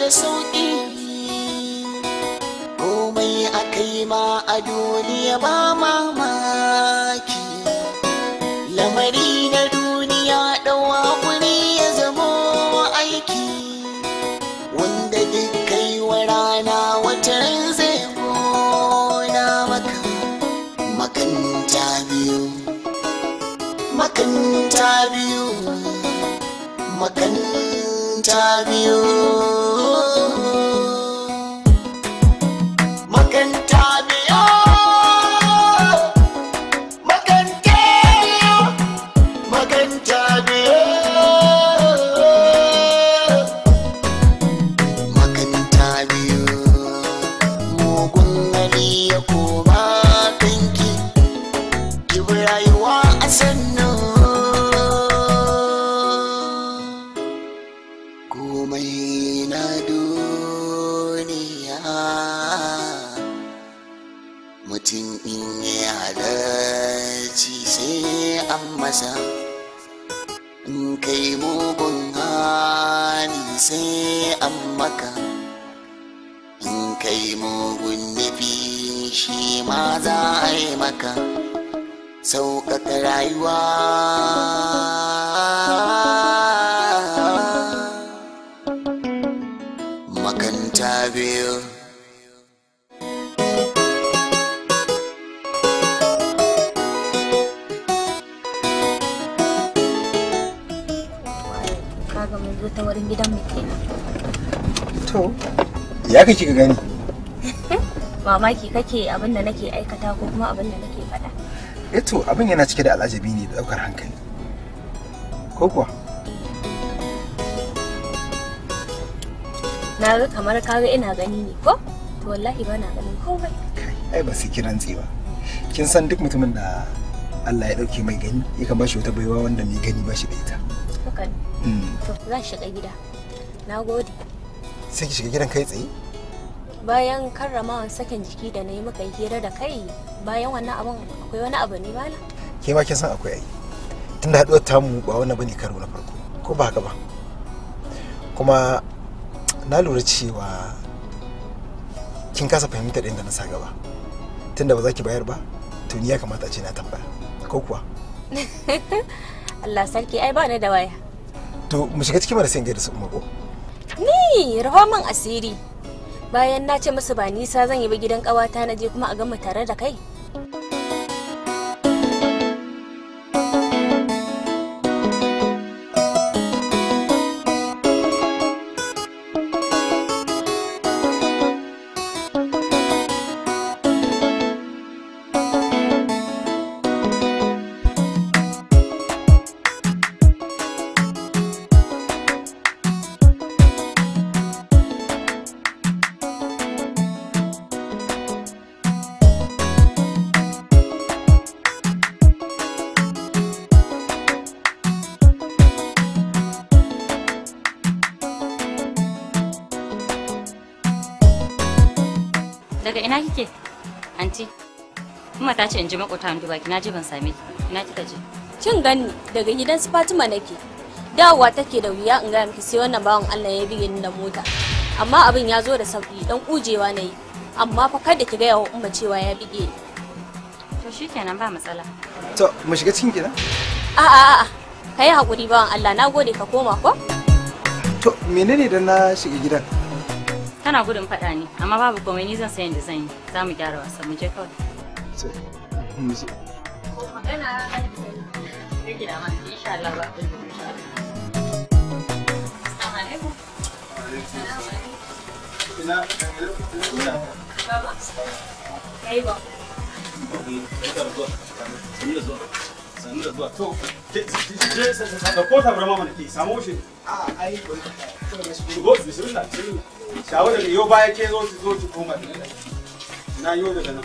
da sauƙi komai a yi ma a duniya ba mamaki lamari na duniya ɗawa kuri ya zamo aiki wanda duk kai wa rana wata zai gona maka makanta biyu makanta biyu makanta biyu shi ma za a yi maka sauƙaƙa rayuwa makanta biyu ta wurin gidan mu kenan to ya kake ka gani mamaki kake abin da nake aikata ko kuma abin da nake faɗa eto eh abin yana cike da alajabi ne da ɗaukar hankali ko kuwa na ga kamar ga ina gani ne ko to wallahi ba na ganin komai ai ba sai kiran tsiba kin san duk mutumin da Allah ya dauke mai gani ya kan bashi wata baiwa wanda mai gani ba shi da ita hakan hmm. to za shiga gida nagode sai ki shiga gidan kai tsaye bayan karramawan sakin jiki da na yi muka hira da kai bayan wannan abin akwai wani abu ne bala ke ma kin san akwai ai tunda haduwar tamu ba wani bane karo na farko ko ba haka ba kuma na lura cewa kin kasa fahimtar inda na sa gaba tunda ba za ki bayar ba to ni ya kamata a ce na tambaya ko kuwa Allah sarki ai ba ni da waya to mu shiga cikin marasin gaida su umar ko ni rufa min asiri bayan na ce masa ba nisa zan yi ba gidan ƙawata na je kuma a gama tare da kai makota an duba ki na je ban same ki ina kika je kin ganni daga gidan su Fatima nake dawowa take da wuya in ga miki sai wannan bawan Allah ya bige ni da mota amma abin ya zo da sauki dan kujewa nayi amma fa kada ki ga wa umma cewa ya bige ni to shikenan ba matsala to mu shiga cikin gidan a a a kai hakuri bawan Allah na gode ka koma ko to menene da na shiga gidan tana gudun faɗa ne amma babu komai ni zan sayan da zan yi za mu gyara wasan mu je kawai Magana rage insha Allah ba abin ya alaikum. Ina ina Baba. Kai ba. Sannu da zuwa. Sannu da zuwa. To, je sanda ko tabar mama nake samu shi. A ai shigo bismillah. Shawarar yau baya ke zo ki zo ki koma. Na yau daga nan.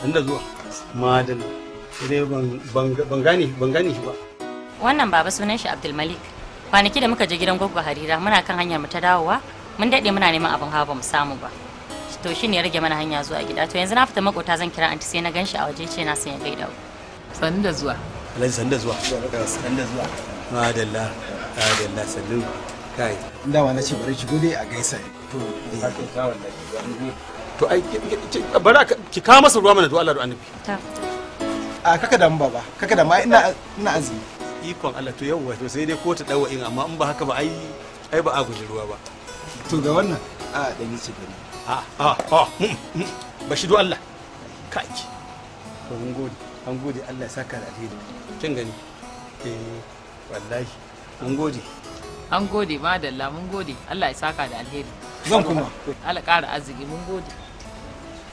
Sanda zuwa. Madalla. Sai ban gane ban gane shi ba. Wannan baba sunan shi Abdul Malik. Kwanaki da muka je gidan Goggo Harira muna kan hanyar mu ta dawowa mun daɗe muna neman abin hawa bamu samu ba. To shi ne ya rage mana hanya zuwa gida. To yanzu na fita makota zan kira anti sai na ganshi a waje ce na san ya gaida Sanda zuwa. Alhaji sanda zuwa. Sanda zuwa. Madalla. Madalla sallu. Kai. Inda wa na ce bari shigo dai a gaisa. To. Eh. to ai bara ki kawo masa ruwa mana to Allah da annabi a kaka mu baba kaka ma. ina ina azumi ikon Allah to yawwa to sai dai ko ta dawo in amma in ba haka ba ai ai ba a guji ruwa ba to ga wannan a dan ce gani a a a mm, mm. ba shi do Allah kaki to mun gode an gode Allah ya saka da alheri kin gani eh wallahi an gode an gode madalla mun gode Allah ya saka da alheri zan kuma Allah kara arziki mun gode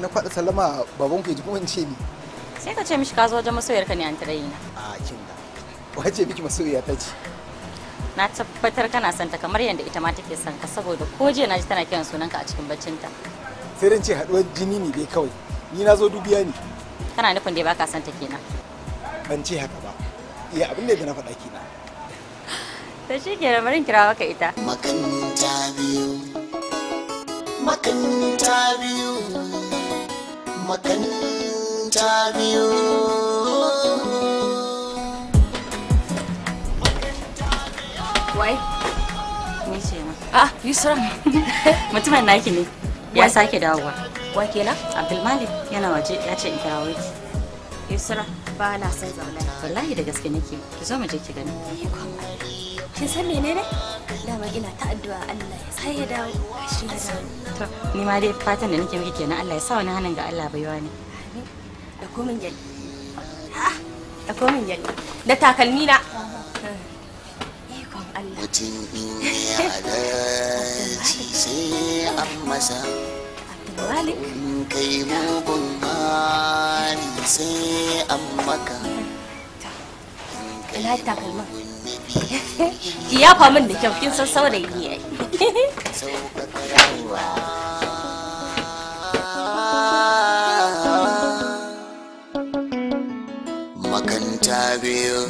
na kwada sallama baban ku ya ji kuma in ce ni sai ka ce mishi ka zo wajen masoyar ka ne an tare na a kin da wace biki masoyiya ta ce na tabbatar kana son ta kamar yadda ita ma take son ka saboda ko jiya na ji tana kiran sunanka a cikin baccinta sai rin ce haduwar jini ne dai kawai ni na zo dubiya ne kana nufin dai baka son ta kenan ban ce haka ba iya abin da na faɗa kenan ta shi ke ramarin kira maka ita makanta biyu makanta biyu makanta biyu wai ni ce ah yusra mutumin naki ne ya sake dawowa wa kenan abdulmalik yana waje ya ce in yusra ba na son zaune wallahi da gaske nake ki zo mu je ki gani kin san menene dama ina ta addu'a Allah ya sai ya dawo shi ya dawo to ni ma dai fatan da nake miki kenan Allah ya sa wani hannun ga Allah baiwa ne da komin gyali da komin gyali da takalmi na eh, ikon Allah mutum in ya adalci sai an masa Malik. Kai mugun hali sai amma ka. Ina takalman. ki fa min da kyau kin san saurayi ne yayi makanta biyu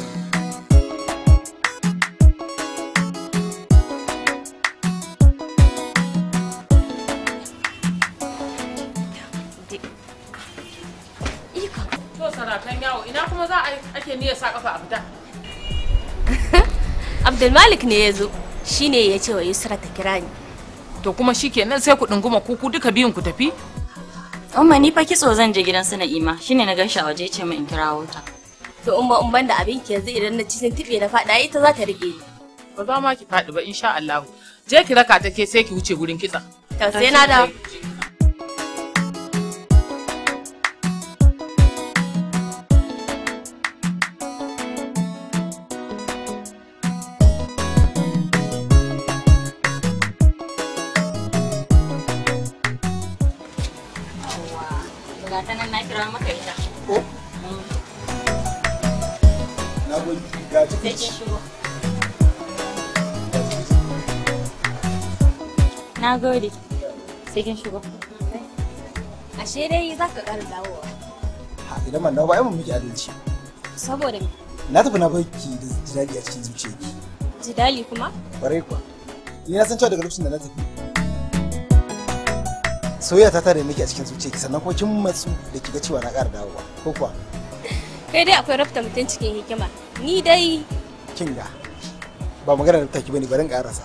ina kuma za a ake niyyar sa kafa a fita abdulmalik ne ya zo shine ya ce wa yusra ta kira ni to kuma shikenan sai ku dinguma kuku duka biyun ku tafi umma ni fa kitso zan je gidan su na'ima shine na a waje ce min in kirawo ta to umma umman da abin ke yanzu idan na ci sun tibe na fada ita za ta rike ni ba za ma ki fadi ba insha Allah je ki raka take sai ki wuce gurin kitsa to sai na da sai kin shigo ashe dai za ka ƙara dawowa ha idan man dawo ba mun miki adalci saboda me na tafi na baki da jidali a cikin zuciyarki jidali kuma bare kuwa ni na san cewa daga lokacin da na tafi soyayya ta tare miki a cikin zuciyarki sannan kuma kin matsu da kiga cewa na ƙara dawowa ko kuwa kai dai akwai rafta mutum cikin hikima ni dai Kinga, ba magana da take bane bari in ƙarasa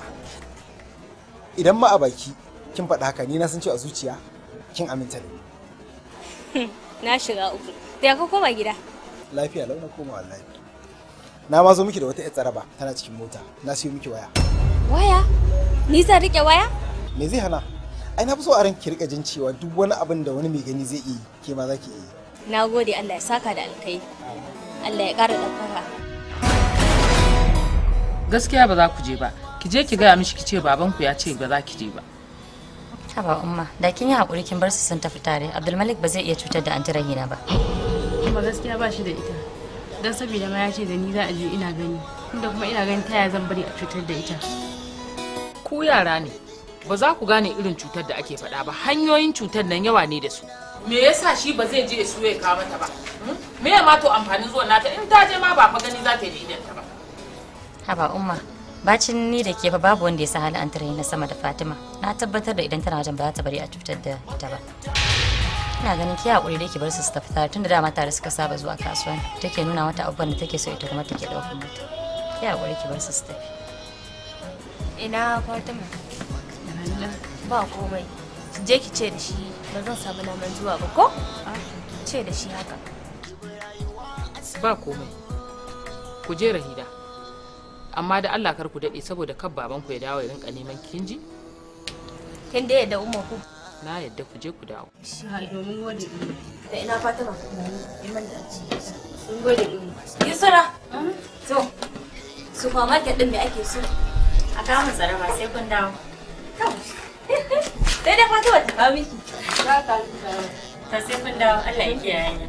idan ma a baki kin faɗa haka ni na san cewa zuciya kin aminta da ni na shiga uku da ka koma gida lafiya launa koma wallahi na ma zo miki da wata yar tsaraba tana cikin mota na siyo miki waya waya ni zan rike waya me zai hana ai na fi so a ranki rika jin cewa duk wani abin da wani mai gani zai yi ke ma zaki yi na gode Allah ya saka da alkai Allah ya ƙara ɗaukaka gaskiya ba za ku je ba ki je ki gaya mishi ki ce babanku ya ce ba za ki je ba Haba umma, da kin yi hakuri kin bar su sun tafi tare. Abdulmalik ba zai iya cutar da anti Rahina ba. Kuma gaskiya ba shi da ita. Dan saboda ma ya ce da ni za a je ina gani. Tunda kuma ina gani ta yaya zan bari a cutar da ita. Ku yara ne. Ba za ku gane irin cutar da ake fada ba. Hanyoyin cutar nan yawa ne da su. Me yasa shi ba zai je su ya kawo mata ba? Hmm? Me ya ma to amfanin zuwa nata in ta je ma ba fa gani za ta yi idan ta ba. Haba umma, bacin ni da ke fa babu wanda ya sa hali an tare na sama da fatima na tabbatar da idan tana wajen ba ta bari a cutar da ita ba ina ganin ki hakuri da ki bar su su tafi tare tunda dama tare suka saba zuwa kasuwa take nuna mata abubuwan da take so ita kuma take daukar mata ki hakuri ki bar su su tafi ina fatima ba komai je ki ce da shi ba zan samu naman zuwa ba ko ah. ce da shi haka ba komai ku je rahida amma da Allah kar ku dade saboda kar baban ku ya dawo ya rinka neman kinji kin da yadda umma ku na yadda ku je ku dawo domin gode da ina fata hmm? a sai kun fata wata ba miki ta sai kun dawo Allah ya kiyaye ni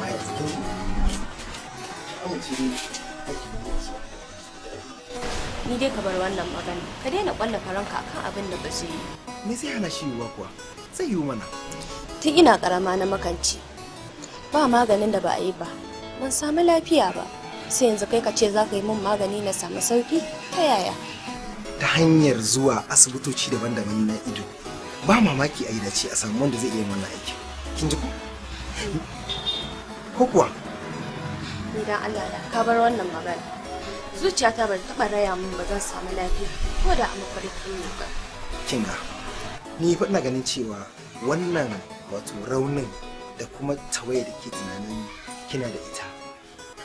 wannan magana ka daina kwalla faranka akan abin da ba zai yi me zai hana shi yiwuwa kuwa zai yiwu mana tun ina karama na makanci ba maganin da ba a yi ba ban samu lafiya ba sai yanzu kai ka ce za ka yi min magani na samu sauki ta yaya ta hanyar zuwa asibitoci daban-daban na ido ba mamaki a yi dace a samu wanda zai iya mana aiki kin ji ko ko kuwa idan Allah ya ka bar wannan magana zuciyata ban taɓa raya min ba zan samu lafiya ko da a mafarkin ne ba. Kinga, ni fa ina ganin cewa wannan wato raunin da kuma tawaye da ke tunanin kina da ita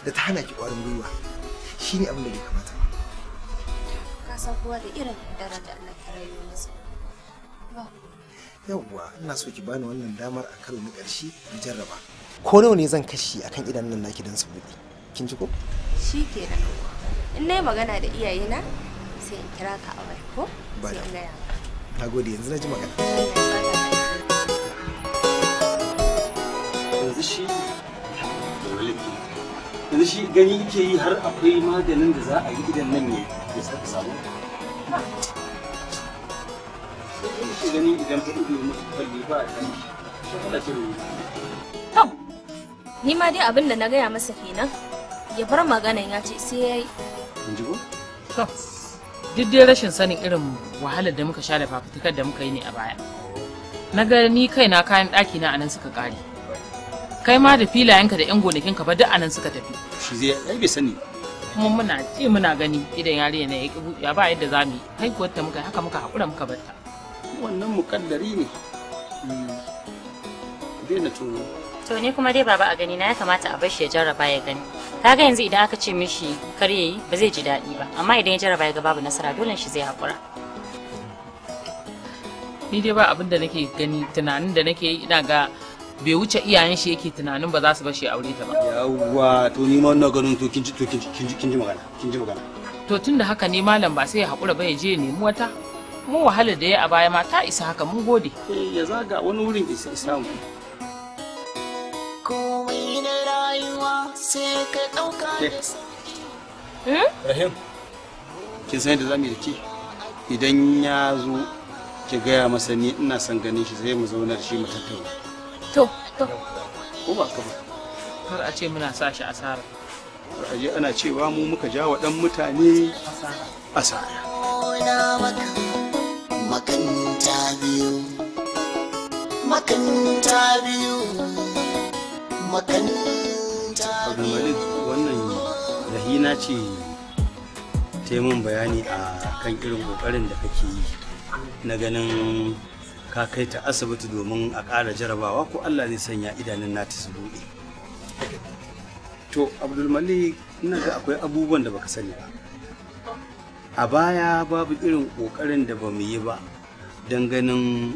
da ta hana ki ƙwarin gwiwa shine abin da ke kamata Ka san kowa da irin daren da Allah ta rayu masa. Yawwa, ina so ki bani wannan damar a karo na ƙarshe in jarraba. Ko nawa ne zan kashi akan nan naki don su buɗe? Kin ji ko? Shi ke da in na magana da iyayena sai in kira ka a wai ko sai in gaya na gode yanzu na ji magana yanzu shi yanzu shi gani ke yi har akwai maganin da za a yi idan nan ne ya saka samu shi gani idan ka ido musu kwalli ba a ni ma dai abin da na gaya masa kenan ya bar maganan ya ce sai ya yi in rashin sanin irin wahalar da muka sha da fafutukar da muka yi ne a baya na ga ni na kayan ɗaki na anan suka ƙare kai ma da filayenka da yan gonakin ba duk anan suka tafi shi zai ai bai sani kuma muna ji muna gani idan yariya ne ya kibu ya ba yadda za mu yi ko ta muka haka muka hakura muka bar ta wannan mukaddari ne hmm. na tuno to ni kuma dai baba a gani na ya kamata a barshi ya jarraba ya gani kaga yanzu idan aka ce mishi kar yayi ba zai ji daɗi ba amma idan ya jarraba ya ga babu nasara dole shi zai haƙura ni dai ba abin da nake gani tunanin da nake yi ina ga bai wuce iyayen shi yake tunanin ba za su bashi aure ta ba yawwa to ni ma wannan ganin to kin ji kin ji magana kin ji magana to tunda haka ne malam ba sai ya haƙura ba ya je ya nemi wata mu wahala da ya a baya ma ta isa haka mun gode eh ya zaga wani wurin isa mu. komai na rayuwa sai ka ɗauka da sauƙi. Rahim, kin san yadda za mu yi Idan ya zo ki gaya masa ni ina son ganin shi sai mu zaunar shi mu tattauna. To, to. Ko ba ka ba? Kar a ce muna sa shi asara. je ana cewa mu muka ja wa ɗan mutane asara. Makanta biyu. Makanta biyu. makanta abdulmalik wannan rahina ce ta yi min bayani a kan irin kokarin da kake yi na ganin ka kai ta asibiti domin a ƙara jarabawa ko allah zai sanya idanun su buɗe to abdulmalik ina ga akwai abubuwan da baka sani ba a baya babu irin kokarin da ba mu yi ba don ganin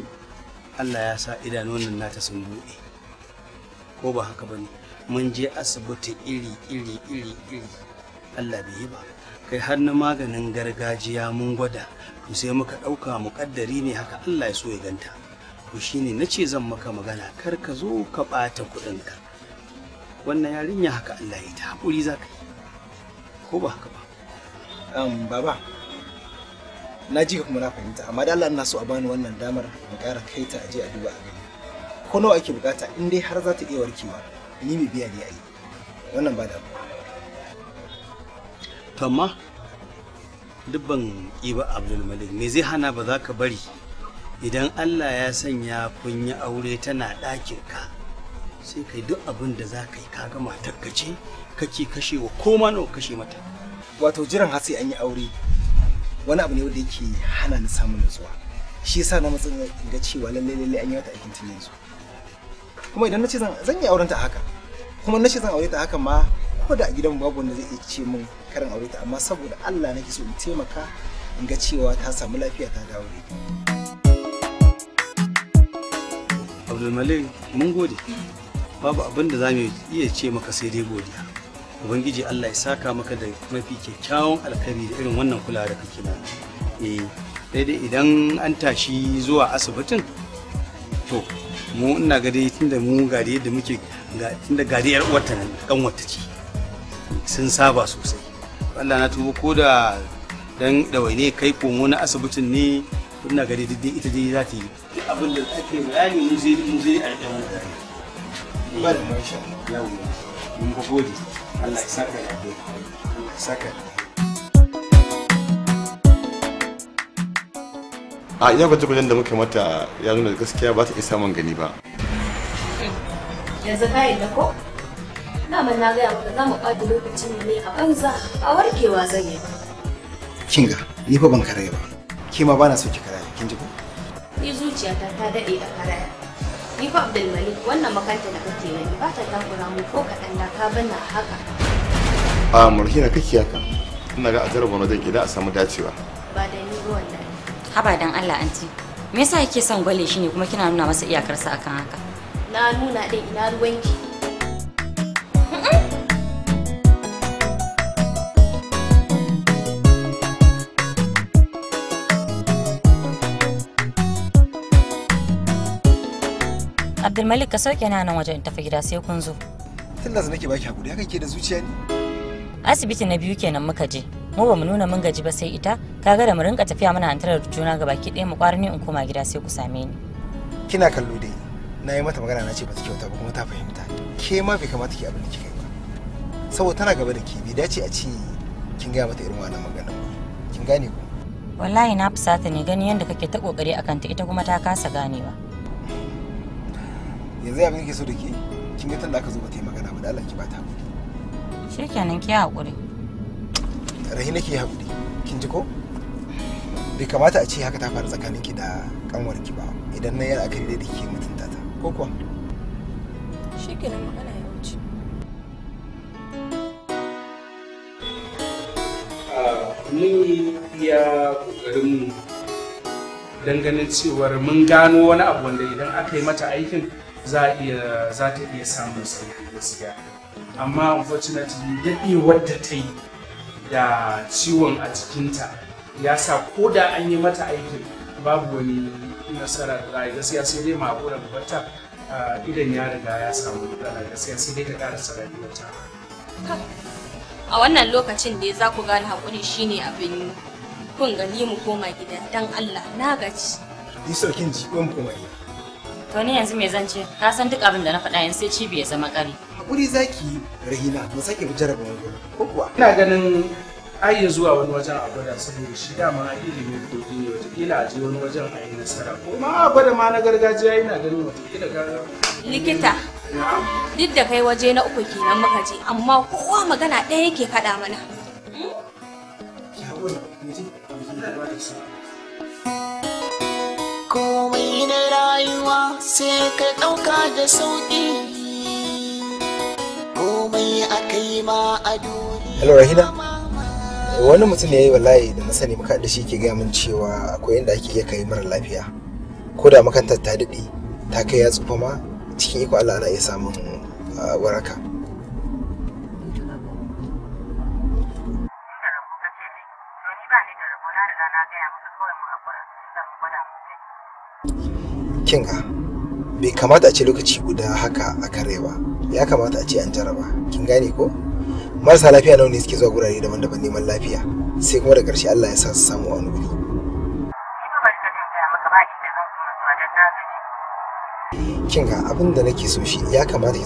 allah ya sa idanun nata sun buɗe ko ba haka ba ne mun je asibiti iri iri iri iri allah bai yi ba kai har na maganin gargajiya mun gwada to sai muka ɗauka muƙaddari ne haka allah ya so ya ganta to shine na ce zan maka magana kar ka zo ka ɓata kuɗinka wannan yarinya haka allah ya ta haƙuri za ka yi ko ba haka ba um, baba na ji kuma na fahimta amma da allah na so a bani wannan damar in ƙara kai ta aje a duba a ko nawa ake bukata in dai har za ta iya warkewa ni mai biya ne a yi wannan ba damuwa to amma dubban iba abdulmalik me zai hana ba za ka bari idan allah ya sanya kun yi aure tana ɗakin ka sai kai duk abin da za ka yi kaga matar ka ce kake kashe wa koma nawa kashe mata wato jiran har sai an yi aure wani abu ne wanda yake hana ni samun nutsuwa shi yasa na matsayin ga cewa lallai lallai an yi mata aikin tunanin yanzu kuma idan na ce zan yi auren ta haka kuma na ce zan aure ta haka ma ko da a gidan babu wanda zai iya ce min karin aure ta amma saboda Allah nake so in taimaka in ga cewa ta samu lafiya ta dawo Abdulmalik mun gode babu abin da zamu iya ce maka sai dai godiya ubangiji Allah ya saka maka da mafi kyakkyawan alkhairi da irin wannan kula da kake na eh daidai idan an tashi zuwa asibitin to mu ina ga dai tunda mu gari yadda muke tunda gari yar uwarta nan kan wata ce sun saba sosai Allah na tuba ko da dan dawaine kai komo na asibitin ne ina gari dai ita dai za ta yi abin da take bayani mu zai mu zai a ɗan mun gode Allah ya saka ya saka a iya gwaje-gwajen da muka mata ya nuna gaskiya ba ta isa man gani ba yanzu kayan da ko daman na gaya maka za mu ɓata lokacin ne a banza a warkewa zan yi kinga ni fa ban karaya ba ke ma bana so ki karaya kin ji ko ni zuciya ta daɗe da karaya ni fa abdulmalik wannan makanta da kake yi ba ta takura mu ko kaɗan da ka bana haka a murhina kake haka ina ga a jarabar wajen gida a samu dacewa ba da ni ruwan da. haba dan Allah anti me yasa yake son gwale shi ne kuma kina nuna masa iyakarsa akan haka na nuna dai ina ruwanki Abdulmalik ka sauke na nan wajen tafi gida sai kun zo. Tun da nake baki hakuri haka ke da zuciya ne? Asibiti na biyu kenan muka je. mu ba mu nuna mun gaji ba sai ita kaga da mu rinka tafiya muna hantarar juna ga baki ɗaya mu kwara ni in koma gida sai ku same ni kina kallo dai na yi mata magana na ce ba ta kyauta ba kuma ta fahimta ke ma bai kamata ki abin da kika yi ba saboda tana gaba da ke bai dace a ce kin gaya mata irin wannan magana ba kin gane ku wallahi na fusata ne gani yadda kake ta kokari akan ta ita kuma ta kasa ganewa yanzu abin da ke so da ke kin ga tunda aka zo ba ta yi magana ba da Allah ki ba ta hakuri shikenan ki hakuri rahina ke haƙuri kin ji ko bai kamata a ce haka ta faru tsakanin ki da kanwar ki ba idan na yi la'akari da ke mutunta ta ko kuwa shi ke nan magana ya wuce mun yi iya ƙoƙarinmu dangane cewar mun gano wani abu wanda idan aka yi mata aikin za ta iya samun sauƙi gaskiya amma unfortunately yadda wadda ta yi da ciwon a jikinta ya sa ko da an yi mata aikin babu wani nasara da za gaskiya sai dai ma'abura bata idan ya riga ya samu matsala gaskiya sai dai ta ƙara sarari wata a wannan lokacin da za ku gane haƙuri shine abin kun gani mu koma gida dan Allah na gaci ni saukin ji ban koma gida to ne yanzu me zan ce ka san duk abin da na faɗa yanzu sai cibi ya zama kare. hakuri zaki rahina mu sake mu jarraba wani ko kuwa ina ganin ai zuwa wani wajen a gwada saboda shi dama ilimin doki ne watakila a je wani wajen a yi nasara ko ma a gwada ma na gargajiya ina ganin watakila gara likita duk da kai waje na uku kenan muka je amma kowa magana ɗaya yake faɗa mana komai na rayuwa sai ka ɗauka da sauƙi komai akai ma hello wani mutum ne yayi wallahi da na sani muka da shi ke gaya min cewa akwai inda ake iya kai mara lafiya ko da makantar ta daɗe ta kai ya tsufa ma cikin iko Allah ana iya samun waraka kinga bai kamata a ce lokaci guda haka a karewa. ba ya kamata a ce an jaraba kin gane ko marasa lafiya nawa ne suke zuwa gurare daban-daban neman lafiya sai kuma da ƙarshe Allah ya sa su samu wani wuri kin ga abin da nake so shi ya kamata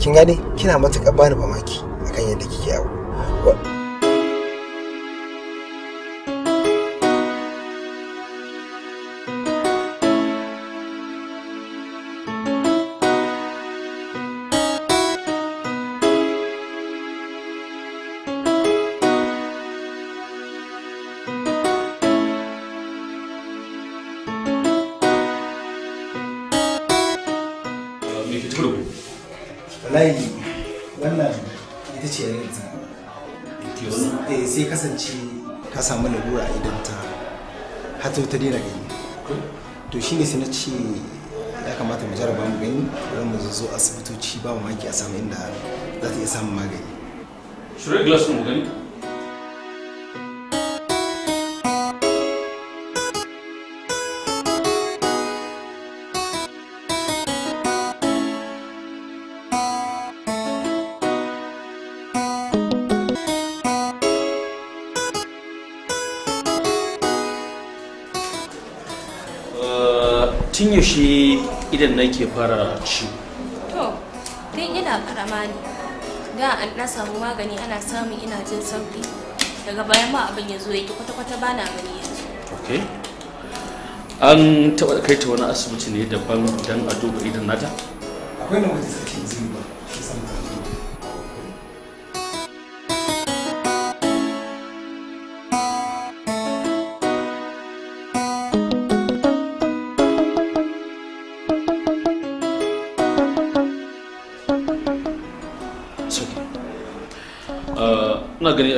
kin gane kina matuƙar bani mamaki akan yadda kike yawo samu larura a idan ta hata ta daina gani to shine sai na ce ya kamata mu jaraba mu gani don mu zo asibitoci ba mamaki a samu inda za ta iya samun magani. Shirya glass mu gani? tun yaushe idan nake fara shi. to tun ina karama ne da an na samu magani ana samun ina jin sauki daga bayan ma abin ya zo yake kwata-kwata bana gani an taɓa kai ta wani asibiti ne daban don a duba idan nata akwai na wajen sakin zai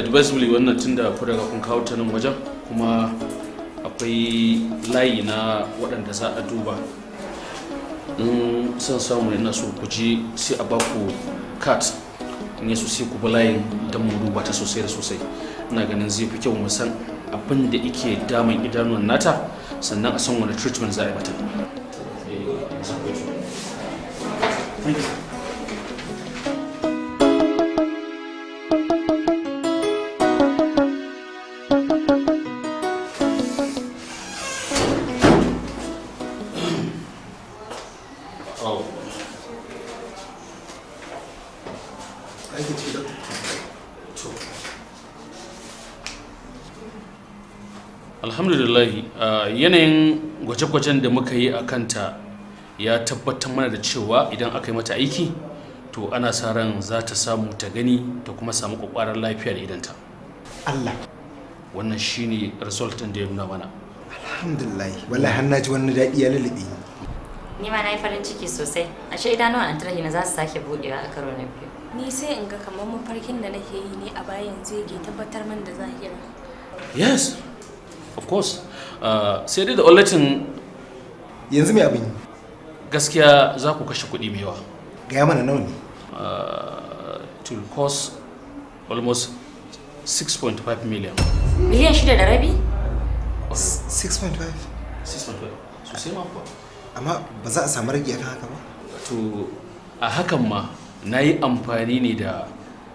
advisable wannan tunda ku daga kun kawo ta nan wajen kuma akwai layi na waɗanda za a duba in son samu yana so ku sai a baku cut in yaso sai ku bi layin don mu duba ta sosai da sosai ina ganin zai fi kyau mu san abin da ike damun idanuwan nata sannan a san wani treatment za a yi mata Oh. Aiki Alhamdulillah uh, yanayin gwaje-gwajen da muka yi a kanta ya tabbatar mana da cewa idan aka yi mata aiki to ana sa ran za ta samu ta gani ta kuma samu kwakwaran lafiya da idanta. Allah. Wannan shi ne resultant da ya nuna mana. Alhamdulillah, wallahi har na ji wani daɗi ya lulluɓe ni ma na yi farin ciki sosai ashe idanuwan antarhi na za su sake budewa a karo na biyu ni sai in ga kamar mafarkin da nake yi ne a bayan zai ke tabbatar man da zahira yes of course uh, sai dai da ollatin yanzu mai abin gaskiya za ku kashe kuɗi mai yawa ya mana nauni uh, to cost almost 6.5 million miliyan shida da rabi 6.5 6.5 sosai ma kuwa amma ba za a samu rage akan haka ba to a hakan ma na yi amfani ne da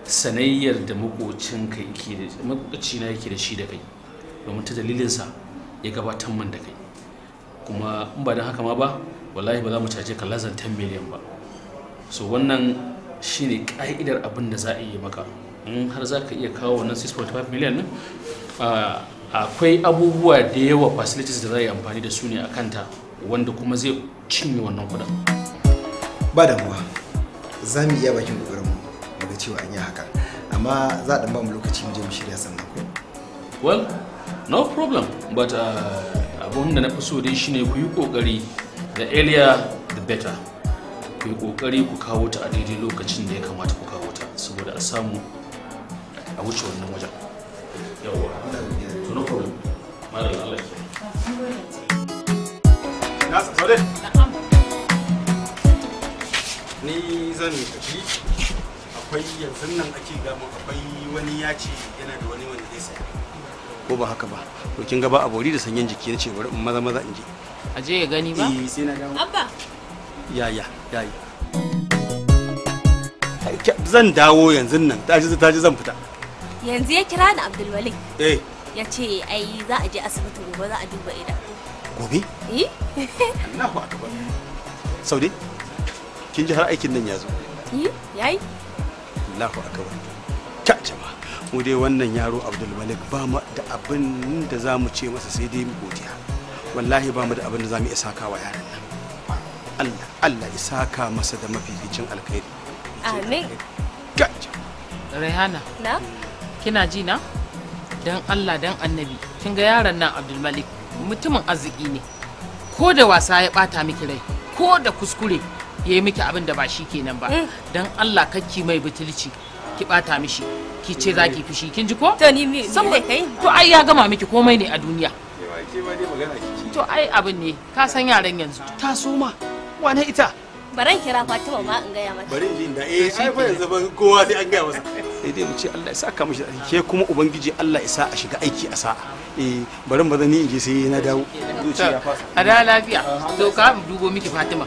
sanayyar da makocinka yake da na yake da shi da kai domin ta dalilinsa ya gabatar man da kai kuma in ba don haka ma ba wallahi ba za mu caje ka lazan 10 miliyan ba so wannan shine ka'idar abin da za a yi maka in har za ka iya kawo wannan 6.5 miliyan nan akwai abubuwa da yawa facilities da za a yi amfani da su ne a kanta wanda kuma zai cinye wannan kudin. ba damuwa za mu iya bakin kokarin mu daga cewa an yi haka amma za a ba mu lokaci mu je mu shirya sannan ko well no problem but uh, abun da na fi so dai shine ku yi kokari the earlier the better ku yi kokari ku kawo ta a daidai lokacin da ya kamata ku kawo ta saboda a samu a wuce wannan wajen yawwa no problem Allah ni zan tafi akwai yanzu nan ake gamin akwai wani ya ce yana da wani wanda zai saya ko ba haka ba to kin ga ba abori da sanyin jiki na ce bari in maza maza in je a je ya gani ba eh sai na dawo abba ya ya ya ya zan dawo yanzu nan taji taji zan fita yanzu ya kira ni abdulwali eh ya ce ai za a je asibiti gobe za a duba idan gobe eh Allahu akbar saude kin ji har aikin nan ya zo eh yayi Allahu akbar ta jama'a mu dai wannan yaro Abdul Malik ba mu da abin da za mu ce masa sai dai mu godiya wallahi ba mu da abin da za mu isa kawa yaran nan Allah Allah isa ka masa da mafificin alkhairi amin Rehana na kina ji na dan Allah dan Annabi kin ga yaron nan Abdul Malik mutumin arziki ne ko da wasa ya bata miki rai ko da kuskure ya yi miki abin da ba shi kenan ba eh. don allah kakki mai butulci ki bata mishi ki ce za ki fishi kin ji ko to ni me kai to ai ya gama miki komai ne a duniya to ai abin ne ka san yaran yanzu ta ma wane ita baran kira Fatima ma in gaya mata. Bari jin da eh ai fa yanzu ban kowa sai an gaya masa. Sai dai mu ce Allah ya saka mishi ke kuma ubangiji Allah ya sa a shiga aiki a sa'a. Eh, bari ba zan yi sai na dawo a da lafiya to ka dubo miki fatima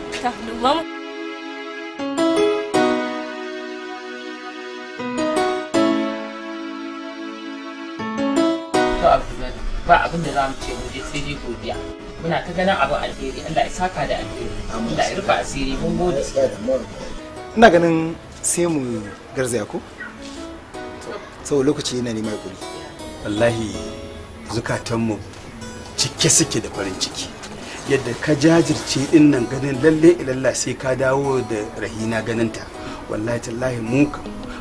ba abin da za mu ce mu je sai dai godiya muna ta ganin abu alheri Allah ya saka da alheri Allah ya rufa asiri mun gode ina ganin sai mu garzaya ko sau lokaci yana neman kuri wallahi zukatanmu cike suke da farin ciki yadda ka jajirce din nan ganin lalle ilalla sai ka dawo da rahina ganinta wallahi tallahi mu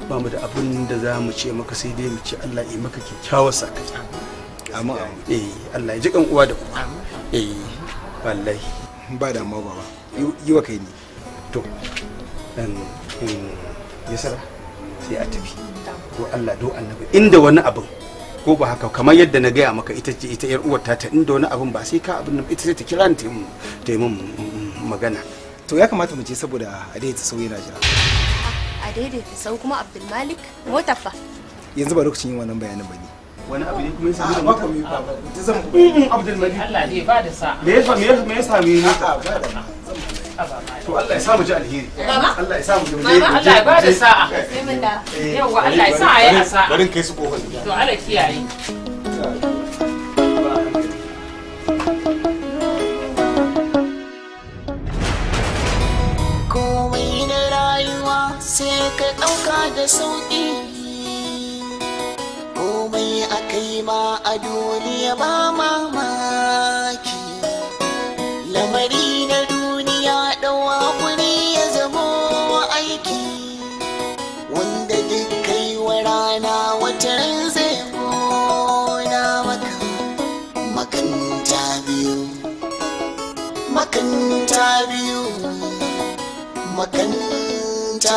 ba mu da abin da za mu ce maka sai dai mu ce Allah ya maka kyakkyawar sakata amma eh Allah ya ji kan uwa da uwa eh wallahi ba da ma baba yi wa kai ne to dan yasara sai a tafi ko Allah do annabi inda wani abu ko ba haka kamar yadda na gaya maka ita ce ita yar uwar ta ta inda wani abin ba sai ka abin nan ita sai ta kira ni ta yi mun magana to ya kamata mu je saboda a daidaita sau yana jira a daidaita sau kuma malik mota fa yanzu ba lokacin yin wannan bayanin ba ne wani abu ne kuma ya sami da ah, mota ta zama malik Allah ne ba da sa me yasa sami mota ah, ba da to Allah ya sa ji alheri Allah ya sa ji alheri Allah ya ba eh, da sa'a eh, yawa Allah ya sa a sa asa kai su kofar to Allah kiyaye komai na rayuwa sai ka ɗauka da sauƙi komai a kai ma a duniya ba ma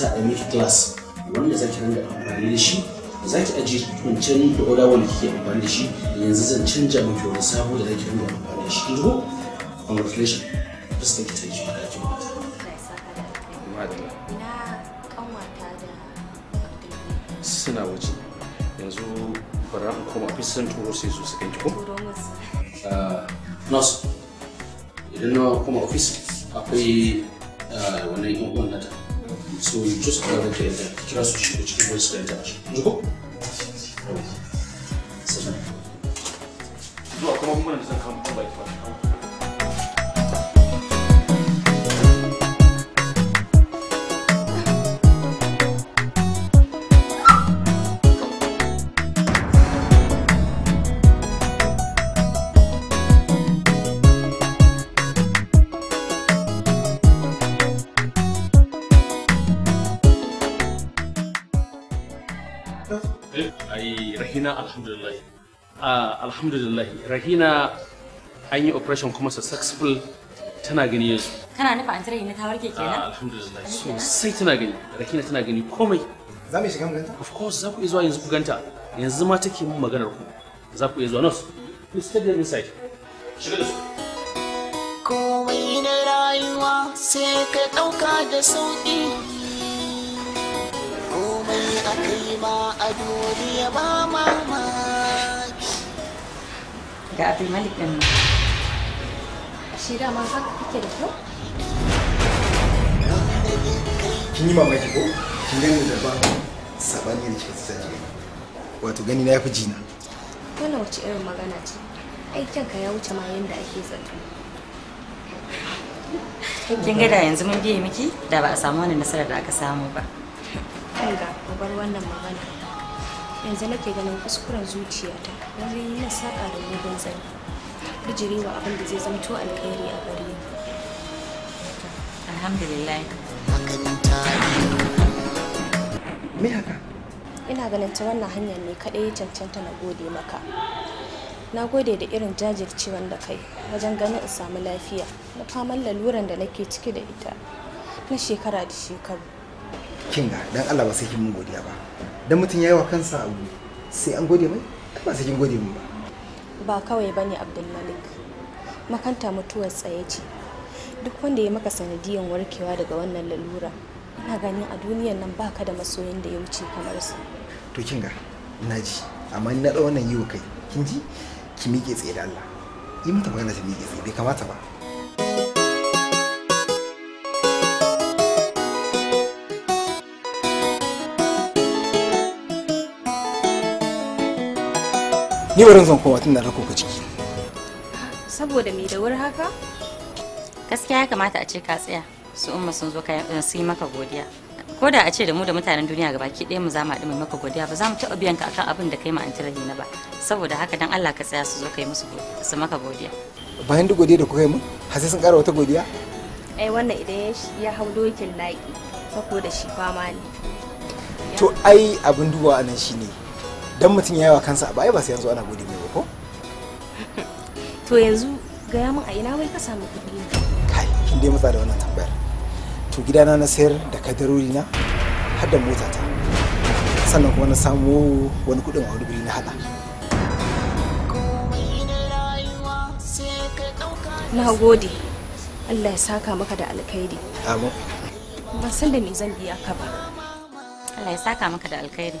sa a mid class wanda zaki ringa amfani da shi zaki aje tuncen da oda wanda kike amfani da shi yanzu zan canja miki wani sabo da zaki ringa amfani da shi ko go congratulations fuskar ki take maka shi mata na kanwata da suna waje yanzu bara ku koma fi san turo sai su suka yi ko ah, nurse idan na koma ofis akwai ah, wannan yan чувствовать, когда вы это, как раз очень, очень быстро это. Другого? alhamdulillah rahina an yi operation kuma successful tana gani yanzu kana nufa an rahina ta warke kenan ah, alhamdulillah sosai tana gani rahina tana gani komai za mu shiga mu ganta of course za ku iya zuwa yanzu ku ganta yanzu ma take mun maganar ku za ku iya zuwa nurse please take them inside shiga da su komai na rayuwa sai ka dauka da sauki komai a kai ma a duniya ba mamaki ga abdulmalik ɗin nan shi dama haka kake da kyau kin yi mamaki ko kin gani da ba sabani da kika tsaje wato gani na yafi jina wannan wace irin magana ce aikin ka ya wuce ma yanda ake zato kin ga da yanzu mun biye miki da ba a samu wani nasarar da aka samu ba kan ga bar wannan magana yanzu nake ganin kuskuren zuciyata lalle yi na da mugun zai wa abin da zai zamto alkhairi a gare alhamdulillah me haka ina ganin ta wannan hanyar ne kaɗai ya cancanta na gode maka na gode da irin jajircewan da kai wajen ganin in samu lafiya da faman laluran da nake ciki da ita na shekara da shekaru kinga dan Allah ba sai kin mun godiya ba dan mutum yayi wa kansa abu sai an gode mai ba sai kin gode ba ba kawai bane abdulmalik makanta mutuwar tsaye ce duk wanda ya maka sanadiyan warkewa daga wannan lalura ina ganin a duniyar nan baka da masoyin da ya wuce kamar su to kin ga ji amma ni na da wannan wa kai kin ji ki miƙe tsaye da Allah yi mata magana ta miƙe tsaye bai kamata ba ni barin zan kowa tun da na koka ciki saboda me da wuri haka gaskiya ya kamata a ce ka tsaya su umma sun zo eh, su yi maka godiya ko da a ce da mu da mutanen duniya gaba ki ɗaya mu za mu haɗu mai maka godiya ba za mu taɓa biyan ka akan abin da kai ma antirahi na ba saboda haka dan Allah ka tsaya su zo kai musu su maka godiya bayan duk godiya da kuka yi mun har sai sun ƙara wata godiya ai eh, wannan idan ya hau dokin laƙi saboda shi fama ne to ai abin dubawa nan shine dan mutum ya yi wa kansa ba ai ba sai yanzu ana gode mai ko to yanzu gaya mun a ina wai ka samu kuɗi kai kin dai matsa da wannan tambayar to gidana na sayar da kadarori na har da mota ta sannan kuma na samu wani kuɗin a wani na hada na gode Allah ya saka maka da alkhairi amin ban san da me zan biya ka ba Allah ya saka maka da alkhairi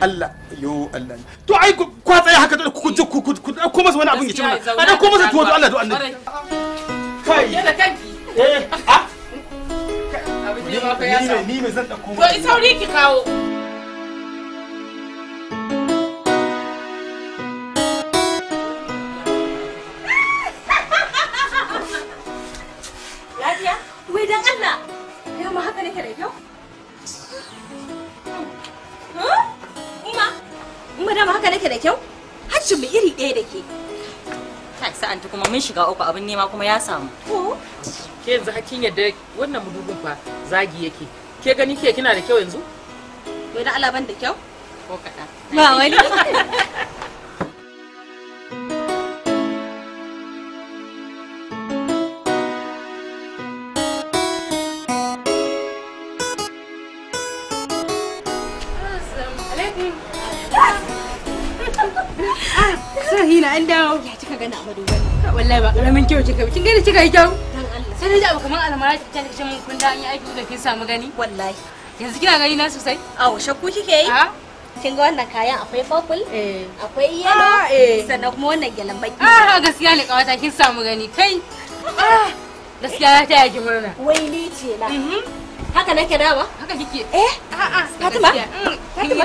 Allah yo Allah to ai kwa tsaya haka ku ku ku ku ko masa wani abin ya ci mana a da ko masa tuwo Allah to Allah kai yana kanki eh a ah. abin da ma fa ya ni ne zan dauko ko sauri ki kawo shiga uku abin nema kuma ya samu ke yanzu hakin yadda wannan mudubin fa zagi yake ke gani ke kina da kyau yanzu wai na alaban da kyau ko kaɗan ba wani kika gani a maduban wallahi ba karamin kyau kika kin gani kika yi kyau dan Allah sai abu kamar almara ta mun kun da an yi aiki da kin samu gani wallahi yanzu kina gani na sosai shakku kike yi kin ga wannan kayan akwai purple eh. akwai yellow eh. sannan kuma wannan baki ah gaskiya ne kawata kin samu gani kai ah, gaskiya ta yaki murna wai ni ce na mhm. haka nake dama haka kike eh a'a ah, ah, fatima mm, fatima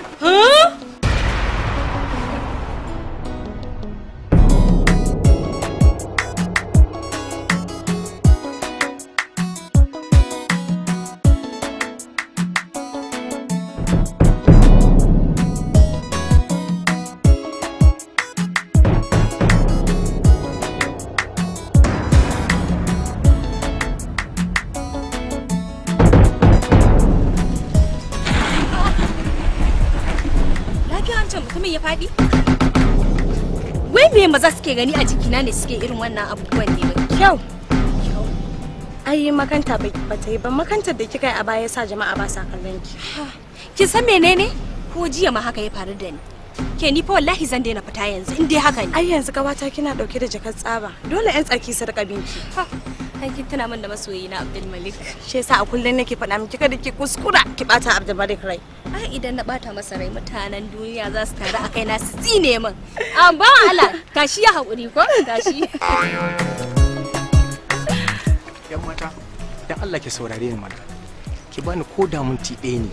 嗯。Wai me maza suke gani a jikina ne suke irin wannan abubuwan ne ba? Kyau. Ai makanta ba ta yi ba makantar da kika yi a baya sa jama'a ba sa kallon ki. ki san menene? Ko jiya ma haka ya faru da ni. Ke ni fa wallahi zan daina fita yanzu in dai haka ne. Ai yanzu kawata kina dauke da jakar tsaba. Dole yan tsaki su rika binki. Kai tana min da masoyi na Abdul Malik. she yasa a kullun nake faɗa miki kada ki kuskura ki bata Abdul Malik rai. Ai idan na bata masa rai mutanen duniya za su taru a kaina su tsine min. Amma Allah tashi ya haƙuri ko tashi. Yan mata dan Allah ki saurare ni mata Ki bani ko da minti ɗaya ne.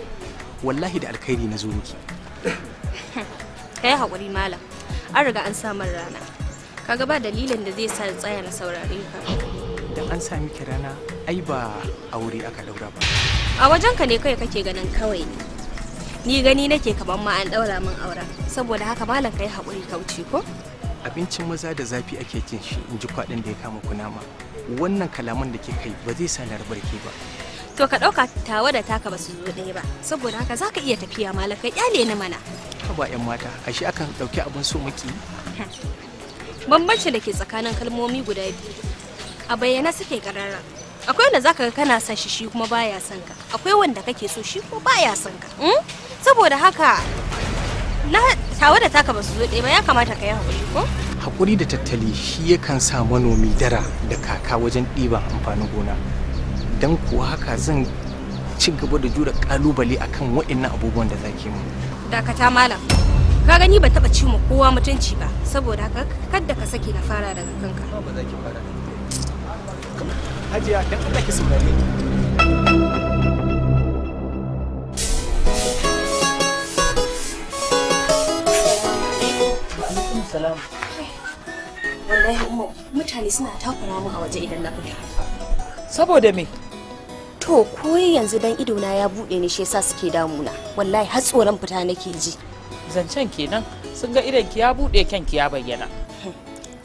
Wallahi da alkhairi na zo miki. ka yi haƙuri malam an riga an samun rana kaga ba dalilin da zai sa tsaya na saurare ka idan an sami ki rana ai ba aure aka daura ba a wajen ka ne kai kake ganin kawai ne ni gani nake kaman ma an daura min aura saboda haka malam kai haƙuri kauce ko abincin maza da zafi ake cin shi in ji kwaɗin da ya kama kunama wannan kalaman da ke kai ba zai sa na rabar ba to ka ɗauka tawa da taka ba su zo ɗaya ba saboda haka za ka iya tafiya malaka ƙyale ni mana ba 'yan mata shi aka ɗauki abin so muke bambanci da ke tsakanin kalmomi guda biyu a bayyana suke karara akwai wanda zaka ga kana son shi shi kuma baya son ka akwai wanda kake so shi kuma baya son ka hmm? saboda haka na tawa da taka basu zo ɗaya ba ya kamata ka yi hakuri ko hakuri da tattali shi yakan sa manomi dara da kaka wajen ɗiban amfanin gona don kuwa haka zan ci gaba da jura kalubale akan waɗannan abubuwan da zaki mu dakata malam ka gani ba taba ci kowa mutunci ba saboda haka kadda ka sake na fara daga kanka ba za ki fara hajiya dan Allah ki saurare salam wallahi mutane suna takura mu a waje idan na fita saboda me to ko yanzu dan idona ya buɗe ni shi yasa suke damu na wallahi har tsoron fita nake ji zancen kenan sun ga idan ki ya buɗe kanki ya bayyana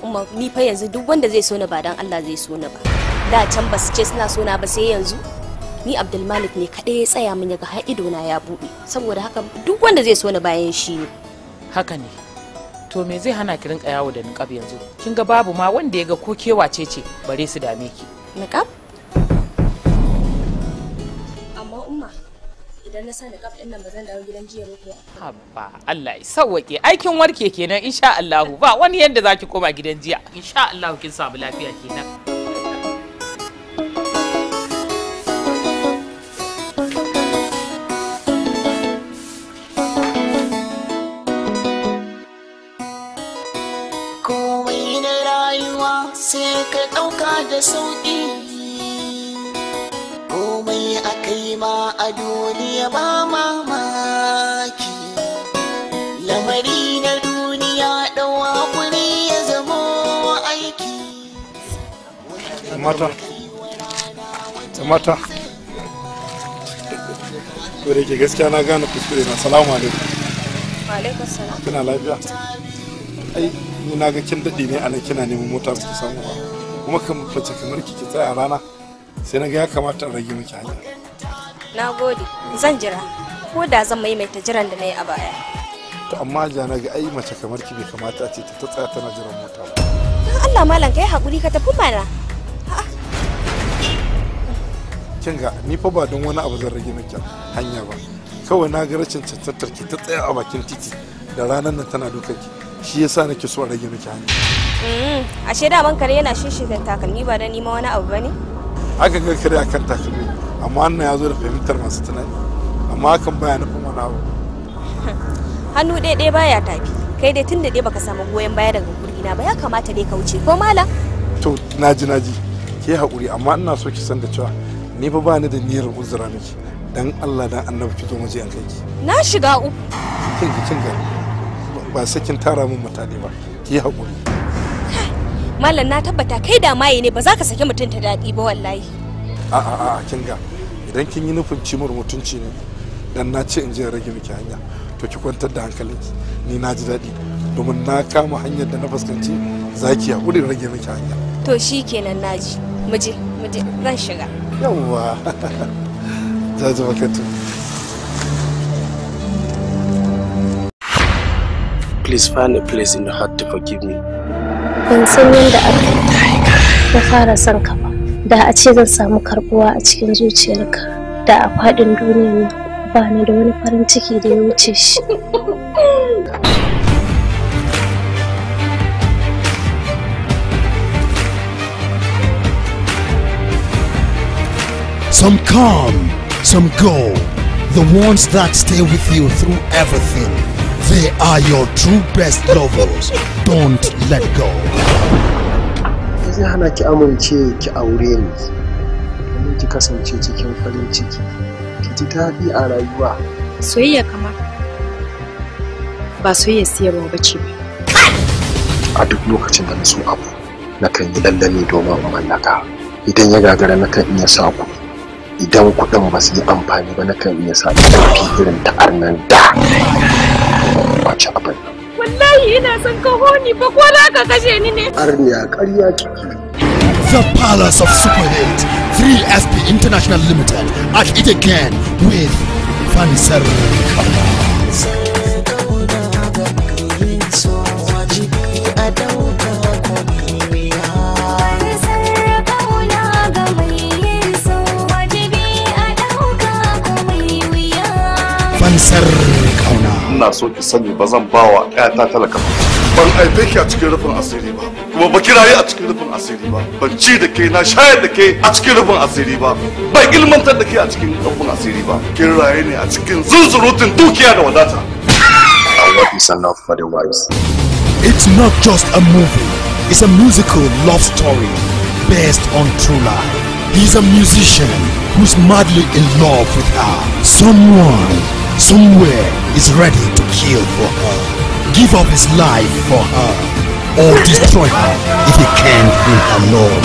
umma ni fa yanzu duk wanda zai so ni ba dan Allah zai so ni ba da can ba su ce suna so na ba sai yanzu ni Abdulmalik ne kaɗai ya tsaya min ga har na ya buɗe saboda haka duk wanda zai so na bayan shi ne haka ne to me zai hana ki rinka yawo da niƙab yanzu kin ga babu ma wanda ya ga ko kewace ce bare su dame ki niqab idan na sani kaf din nan ba zan dawo gidan jiya ba kuwa haba Allah ya sauwake aikin warke kenan insha Allah ba wani yadda zaki koma gidan jiya insha Allah kin samu lafiya kenan Komai na rayuwa sai ka ɗauka da sauƙi akai ma a duniya ba mamaki lamari na duniya ɗawa kuri ya zamo aiki mata mata kore ke gaskiya na gane kuskure na salamu alaikum alaikum kina lafiya ai ni na ga kin dade ne a nan kina neman mota ba ki samu ba kuma kan fice kamar kike tsaya rana sai na ga ya kamata in rage miki hanya na gode zan jira ko da zan maimaita jiran da na yi a baya to amma ja na ga ai mace kamar ki bai kamata a ce ta tsaya tana jiran mota ba dan Allah malam kai hakuri ka tafi mana kin ga ni fa ba don wani abu zan rage miki hanya ba kawai na ga rashin cancantar ki ta tsaya a bakin titi da ranar nan tana dukan ki shi yasa nake so a rage miki hanya mm-hmm. ashe da man kare yana da takalmi ba da nima wani abu bane aka ga kare kan takalmi amma wannan ya zo da fahimtar masu tunani amma hakan baya nufin wani abu hannu ɗaya ɗaya baya tafi kai dai tun da ɗaya baka samu goyon baya daga na ba ya kamata dai ka wuce ko mala to naji naji ke haƙuri amma ina so ki san da cewa ni fa ba ni da niyyar uzura miki dan Allah dan annabi ki zo mu je an kai ki na shiga uku kin kin ga ba sakin tara mun mutane ba ki haƙuri Malam na tabbata kai da maye ne ba za ka saki mutunta daɗi ba wallahi. A a a kin ga idan kin yi nufin cimar mutunci ne dan na ce in je rage miki hanya to ki kwantar da hankalinki ni na ji daɗi domin na kama hanyar da na fuskanci zaki haƙuri rage miki hanya. To shi kenan na ji mu je zan shiga. Yawwa Please find a place in the heart to forgive me. ban san yadda aka na fara son ka ba da a ce zan samu karbuwa a cikin zuciyarka da a faɗin duniyar ba ni da wani farin ciki da ya wuce shi Some come, some go. The ones that stay with you through everything They are your true best lovers. Don't let go. Zai hana ki amince ki aure ni. Domin ki kasance cikin farin ciki. Ki ji daɗi a rayuwa. Soyayya kamar ba soyayya siyarwa ba ce ba. A duk lokacin da na so abu, na kan yi lallami domin mallaka. Idan ya gagara na kan iya sa kuɗi. Idan kuɗin ba su yi amfani ba na kan iya sa ƙarfi irin ta arnan da. kwace abin wallahi ina son ka honi ba ko za ka kashe ni ne arniya ƙarya kiki. The Palace of Superhit 3SP International Limited at it again with Fansar Kala. ina so ki sani ba zan ba wa ƴata talaka ban haife ki a cikin rufin asiri ba kuma ba kiraye a cikin rufin asiri ba ban ci da ke na shayar da ke a cikin rufin asiri ba ban ilmantar da ke a cikin rufin asiri ba kin raye ne a cikin zunzurutun dukiya da wadata What is enough for the wise? It's not just a movie, it's a musical love story based on true life. He's a musician who's madly in love with her. Someone somewhere is ready to kill for her, give up his life for her, or destroy her if he can not win her love.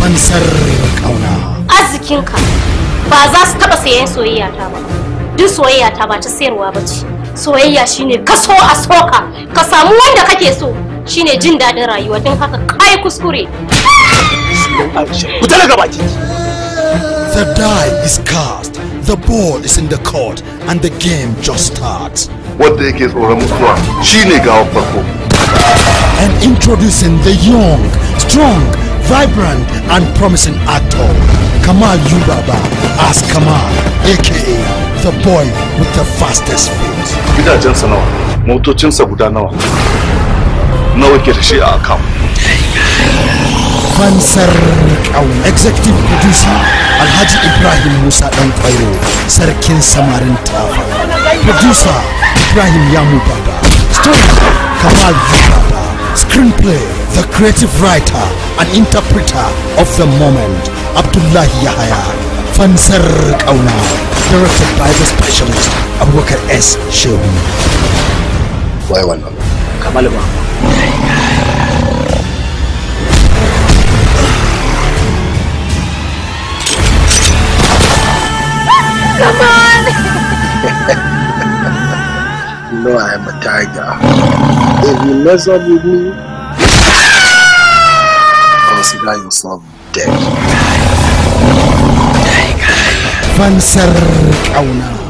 Fansar ba za su taba sayen soyayya ta ba duk soyayya ta ba ta sayarwa ba ce soyayya shine ka so a soka ka samu wanda kake so shine jin daɗin rayuwa din haka kai kuskure ku tana gaba The die is cast, the ball is in the court, and the game just starts. Wanda yake tsoron mutuwa shine ga farko. And introducing the young, strong, vibrant, and promising actor. Kamal Yubaba as Kamal, aka the boy with the fastest feet. Gidajensa nawa, motocinsa guda nawa, nawa ke da shi a akam. Fansar Kauna. Executive Producer Alhaji Ibrahim Musa Dan Kwairo, Sarkin Samarin Tafa. Producer Ibrahim Yamu Baba. Story Kamal Yubaba. Screenplay the creative writer and interpreter of the moment, Abdullah Yahya Fansar Kauna, directed by the specialist Abubakar S. Shehu. Why one? Kamal Come on! you know I am a tiger. If you mess up with me, die yourself dead. Fanser Kauna.